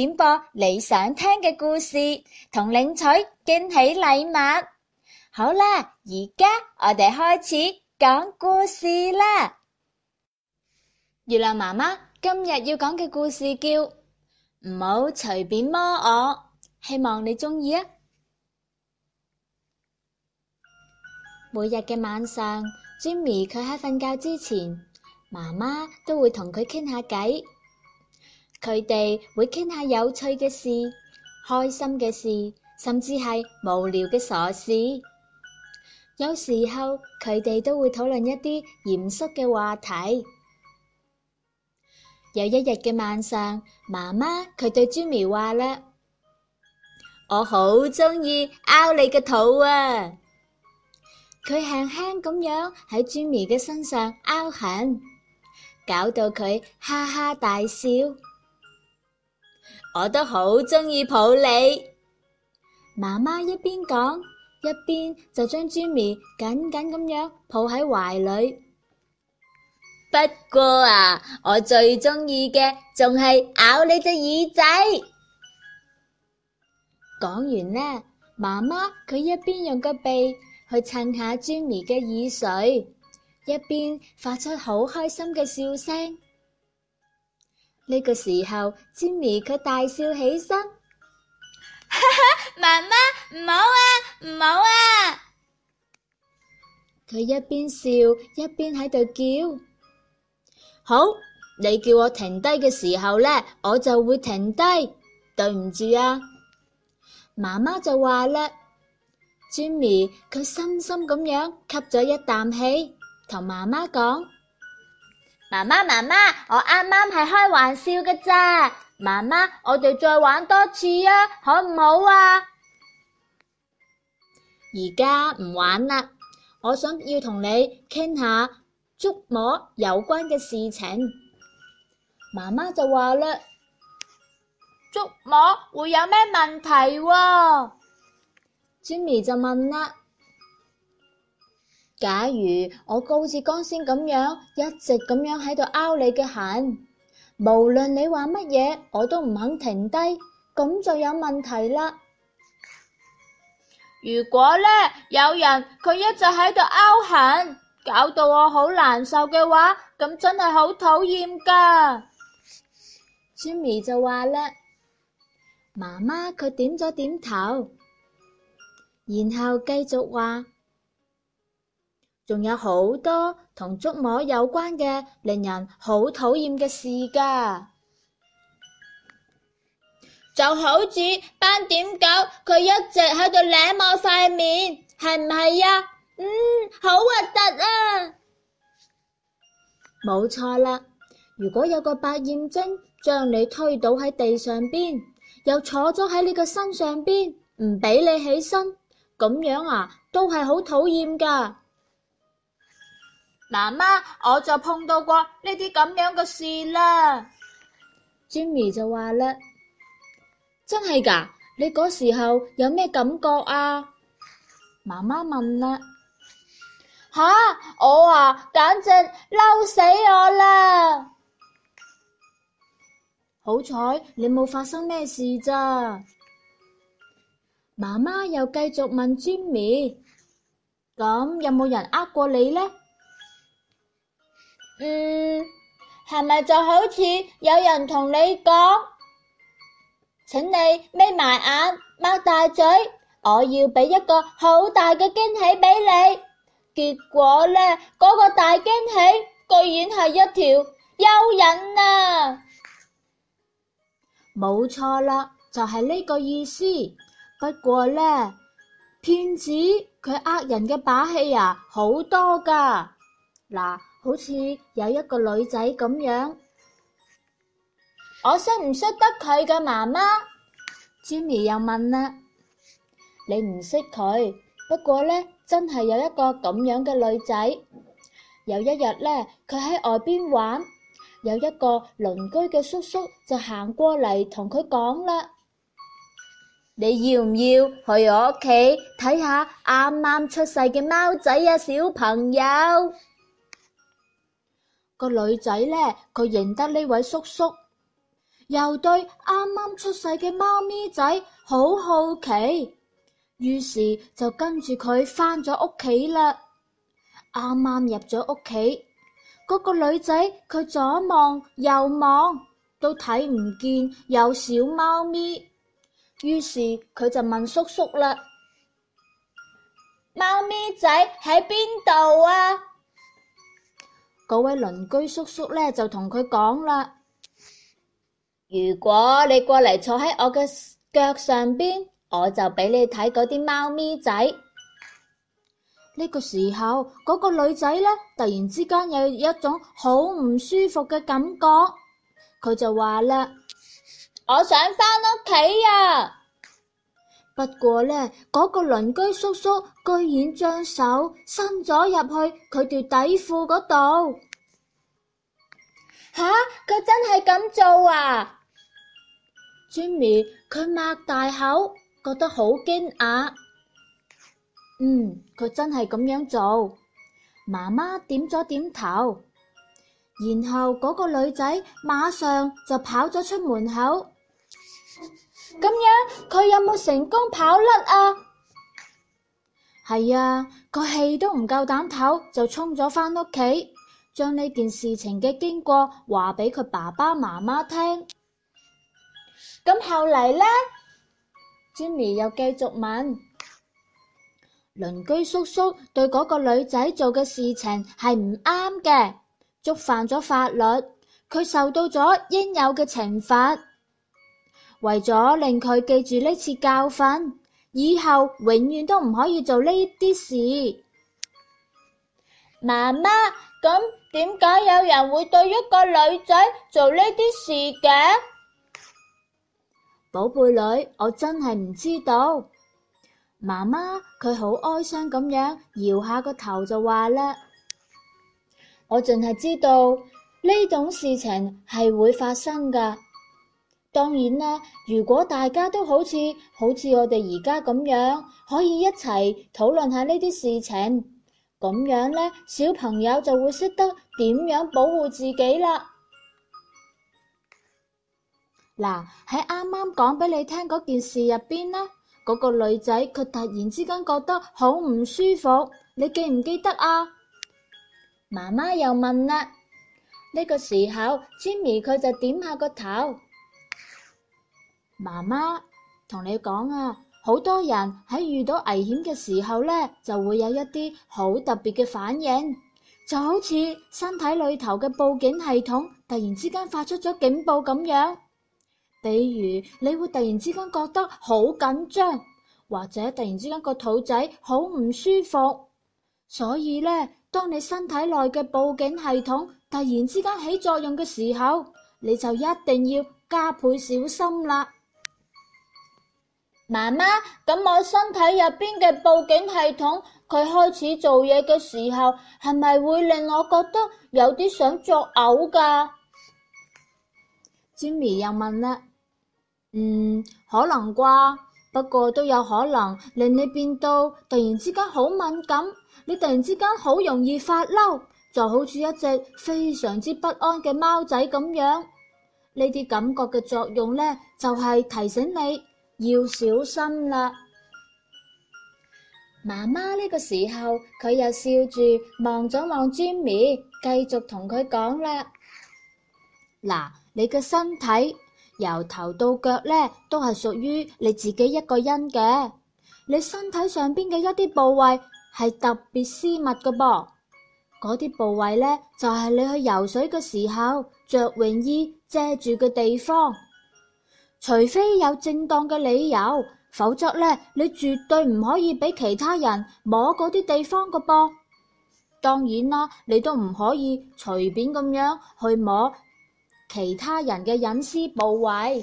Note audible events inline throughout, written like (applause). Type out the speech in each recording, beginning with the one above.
點播你想聽嘅故事，同領取驚喜禮物！好啦，而家我哋開始講故事啦！佢哋會傾下有趣嘅事、開心嘅事，甚至係無聊嘅傻事。有時候佢哋都會討論一啲嚴肅嘅話題。有一日嘅晚上，媽媽佢對朱梅話啦，我好中意拗你嘅肚啊！佢輕輕咁樣喺朱梅嘅身上拗痕，搞到佢哈哈大笑。我都好中意抱你，媽媽一邊講，一邊就將 Jimmy 緊緊咁樣抱喺懷裏。不過啊，我最中意嘅仲係咬你隻耳仔。講完呢，媽媽佢一邊用個鼻去蹭下 Jimmy 嘅耳垂，一邊發出好開心嘅笑聲。呢個時候 Jimmy 佢大笑起身，哈哈！媽媽唔好啊，唔好啊！佢一邊笑一邊喺度叫：好，你叫我停低嘅時候呢，我就會停低。對唔住啊！媽媽就話啦。Jimmy 佢深深咁樣吸咗一啖氣，同媽媽講。媽媽媽媽，我啱啱係開玩笑嘅咋，媽媽，我哋再玩多次啊，好唔好啊？而家唔玩啦，我想要同你傾下觸摸有關嘅事情。媽媽就話啦，觸摸會有咩問題啊？Jimmy 就問啦。假如我高志剛先咁樣，一直咁樣喺度拗你嘅痕，無論你話乜嘢，我都唔肯停低，咁就有問題啦。如果呢，有人佢一直喺度拗痕，搞到我好難受嘅話，咁真係好討厭噶。 (laughs) Jimmy 就話咧，媽媽佢點咗點頭，然後繼續話。仲有好多同捉摸有關嘅，令人好討厭嘅事噶。就好似斑點狗，佢一直喺度舐我塊面，係唔係呀？嗯，好核突啊！冇錯啦。如果有個白眼精將你推倒喺地上邊，又坐咗喺你嘅身上邊，唔俾你起身，咁樣啊，都係好討厭噶。媽媽，我就碰到過呢啲咁樣嘅事啦。Jimmy 就話啦，真係噶，你嗰時候有咩感覺啊？媽媽問啦，吓我啊，簡直嬲死我啦！好彩你冇發生咩事咋，啊？媽媽又繼續問 Jimmy 咁有冇人呃過你呢？」嗯，係咪就好似有人同你講，請你眯埋眼、擘大嘴，我要俾一個好大嘅驚喜俾你？結果呢，嗰個大驚喜居然係一條蚯蚓啊！冇錯啦，就係呢個意思。不過呢，騙子佢呃人嘅把戲啊，好多噶嗱。好似有一個女仔咁樣，我識唔識得佢嘅媽媽？Jimmy 又問啦：你唔識佢，不過呢，真係有一個咁樣嘅女仔。有一日呢，佢喺外邊玩，有一個鄰居嘅叔叔就行過嚟同佢講啦：你要唔要去我屋企睇下啱啱出世嘅貓仔啊，小朋友？個女仔呢，佢認得呢位叔叔，又對啱啱出世嘅貓咪仔好好奇，於是就跟住佢返咗屋企啦。啱啱入咗屋企，嗰個女仔佢左望右望都睇唔見有小貓咪，於是佢就問叔叔啦：貓咪仔喺邊度啊？嗰位鄰居叔叔咧就同佢講啦：如果你過嚟坐喺我嘅腳上邊，我就俾你睇嗰啲貓咪仔。呢個時候，嗰個女仔咧突然之間有一種好唔舒服嘅感覺，佢就話啦：我想翻屋企啊！不過呢，嗰個鄰居叔叔居然將手伸咗入去佢條底褲嗰度，吓！佢真係咁做啊！Jimmy 佢擘大口，覺得好驚訝。嗯，佢真係咁樣做。媽媽點咗點頭，然後嗰個女仔馬上就跑咗出門口。咁樣佢有冇成功跑甩啊？係啊，個氣都唔夠膽唞，就衝咗返屋企，將呢件事情嘅經過話俾佢爸爸媽媽聽。咁後嚟呢 Jenny 又繼續問鄰 (laughs) 居叔叔，對嗰個女仔做嘅事情係唔啱嘅，觸犯咗法律，佢受到咗應有嘅懲罰。為咗令佢記住呢次教訓，以後永遠都唔可以做呢啲事。媽媽，咁點解有人會對一個女仔做呢啲事嘅？寶貝女，我真係唔知道。媽媽，佢好哀傷咁樣搖下個頭就話啦，我淨係知道呢種事情係會發生噶。當然啦，如果大家都好似好似我哋而家咁樣，可以一齊討論下呢啲事情，咁樣呢，小朋友就會識得點樣保護自己啦。嗱，喺啱啱講俾你聽嗰件事入邊咧，嗰個女仔佢突然之間覺得好唔舒服，你記唔記得啊？媽媽又問啦，呢個時候，Jimmy 佢就點下個頭。媽媽同你講啊，好多人喺遇到危險嘅時候呢，就會有一啲好特別嘅反應，就好似身體裏頭嘅報警系統突然之間發出咗警報咁樣。比如你會突然之間覺得好緊張，或者突然之間個肚仔好唔舒服。所以呢，當你身體內嘅報警系統突然之間起作用嘅時候，你就一定要加倍小心啦。媽媽，咁我身體入邊嘅報警系統，佢開始做嘢嘅時候，係咪會令我覺得有啲想作嘔噶？Jimmy 又問啦，嗯，可能啩，不過都有可能令你變到突然之間好敏感，你突然之間好容易發嬲，就好似一隻非常之不安嘅貓仔咁樣。呢啲感覺嘅作用呢，就係提醒你。要小心啦。媽媽呢個時候，佢又笑住望咗望 Jimmy，繼續同佢講啦。嗱,你嘅身體由頭到腳呢都係屬於你自己一個人嘅，你身體上邊嘅一啲部位係特別私密嘅噃，嗰啲部位呢，就係、是、你去游水嘅時候着泳衣遮住嘅地方。除非有正當嘅理由，否則呢，你絕對唔可以俾其他人摸嗰啲地方個噃。當然啦，你都唔可以隨便咁樣去摸其他人嘅隱私部位。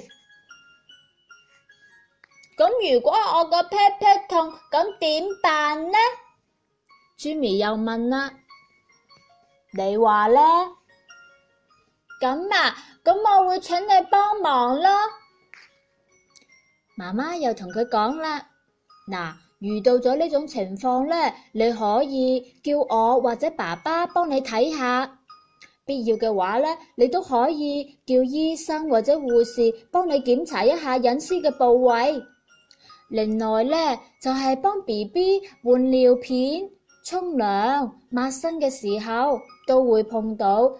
咁如果我個屁屁痛，咁點辦呢？朱咪又問啦，你話呢？咁啊，咁我會請你幫忙咯。媽媽又同佢講啦，嗱，遇到咗呢種情況呢，你可以叫我或者爸爸幫你睇下，必要嘅話呢，你都可以叫醫生或者護士幫你檢查一下隱私嘅部位。另外呢，就係幫 B B 換尿片、沖涼、抹身嘅時候都會碰到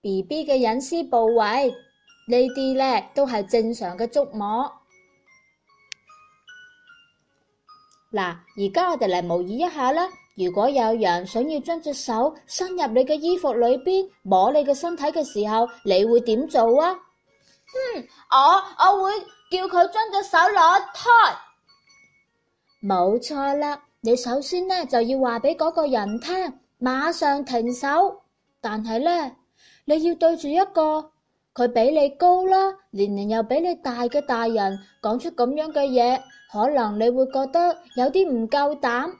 B B 嘅隱私部位，呢啲呢都係正常嘅觸摸。嗱，而家我哋嚟模擬一下啦。如果有人想要將隻手伸入你嘅衣服裏邊摸你嘅身體嘅時候，你會點做啊？嗯，我我會叫佢將隻手攞脫。冇錯啦，你首先呢就要話俾嗰個人聽，馬上停手。但係呢，你要對住一個。佢比你高啦，年齡又比你大嘅大人講出咁樣嘅嘢，可能你會覺得有啲唔夠膽。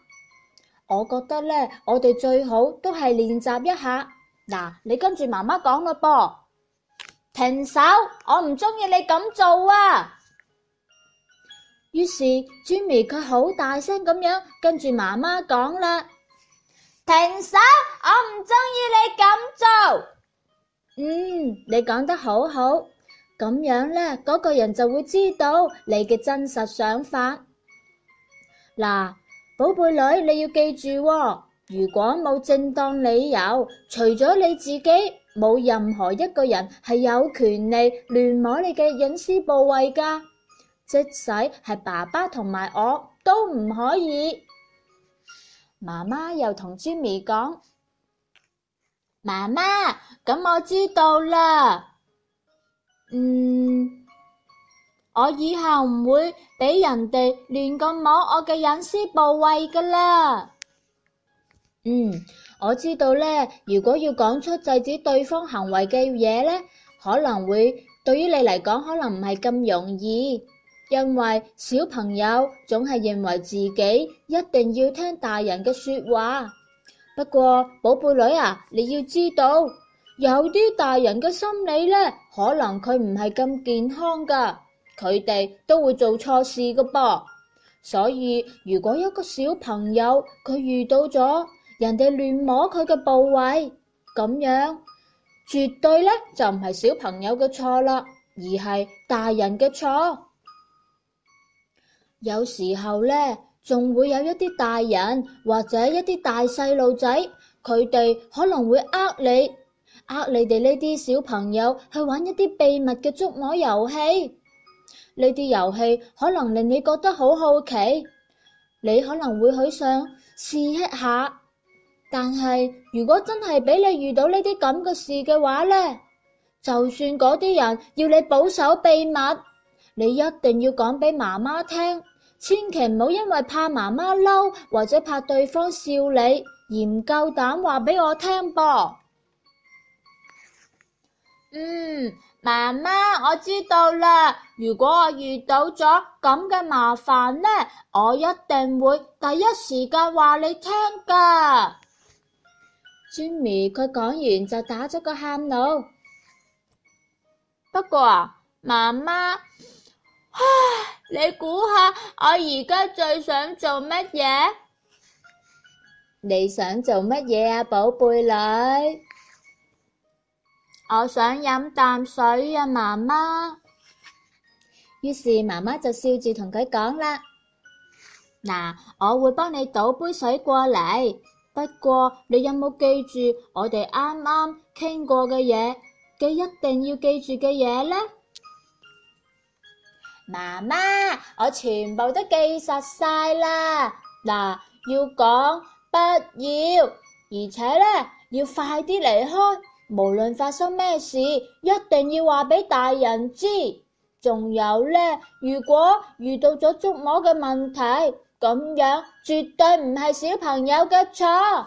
我覺得呢，我哋最好都係練習一下。嗱，你跟住媽媽講啦噃。停手！我唔中意你咁做啊！於是 Jimmy 佢好大聲咁樣跟住媽媽講啦：停手！我唔中意你咁做。嗯，你講得好好，咁樣呢，嗰個人就會知道你嘅真實想法。嗱，寶貝女，你要記住喎，如果冇正當理由，除咗你自己，冇任何一個人係有權利亂摸你嘅隱私部位噶，即使係爸爸同埋我都唔可以。媽媽又同朱美講。媽媽，咁我知道啦。嗯，我以後唔會俾人哋亂咁摸我嘅隱私部位噶啦。嗯，我知道呢，如果要講出制止對方行為嘅嘢呢，可能會對於你嚟講可能唔係咁容易，因為小朋友總係認為自己一定要聽大人嘅說話。不過，寶貝女啊，你要知道有啲大人嘅心理呢，可能佢唔係咁健康噶，佢哋都會做錯事噶噃。所以如果一個小朋友佢遇到咗人哋亂摸佢嘅部位，咁樣絕對呢就唔係小朋友嘅錯啦，而係大人嘅錯。有時候呢。仲會有一啲大人或者一啲大細路仔，佢哋可能會呃你，呃你哋呢啲小朋友去玩一啲秘密嘅捉摸遊戲。呢啲遊戲可能令你覺得好好奇，你可能會去想試一下。但係如果真係俾你遇到呢啲咁嘅事嘅話呢，就算嗰啲人要你保守秘密，你一定要講俾媽媽聽。千祈唔好因為怕媽媽嬲或者怕對方笑你而唔夠膽話俾我聽噃。嗯，媽媽，我知道啦。如果我遇到咗咁嘅麻煩呢，我一定會第一時間話你聽噶。Jimmy 佢講完就打咗個喊露。不過啊，媽媽。唉、啊，你估下，我而家最想做乜嘢？你想做乜嘢啊，寶貝女？我想飲啖水啊，媽媽。於是媽媽就笑住同佢講啦：嗱，我會幫你倒杯水過嚟。不過你有冇記住我哋啱啱傾過嘅嘢記一定要記住嘅嘢呢？媽媽，我全部都記實晒啦。嗱，要講不要，而且呢，要快啲離開。無論發生咩事，一定要話俾大人知。仲有呢，如果遇到咗觸摸嘅問題，咁樣絕對唔係小朋友嘅錯。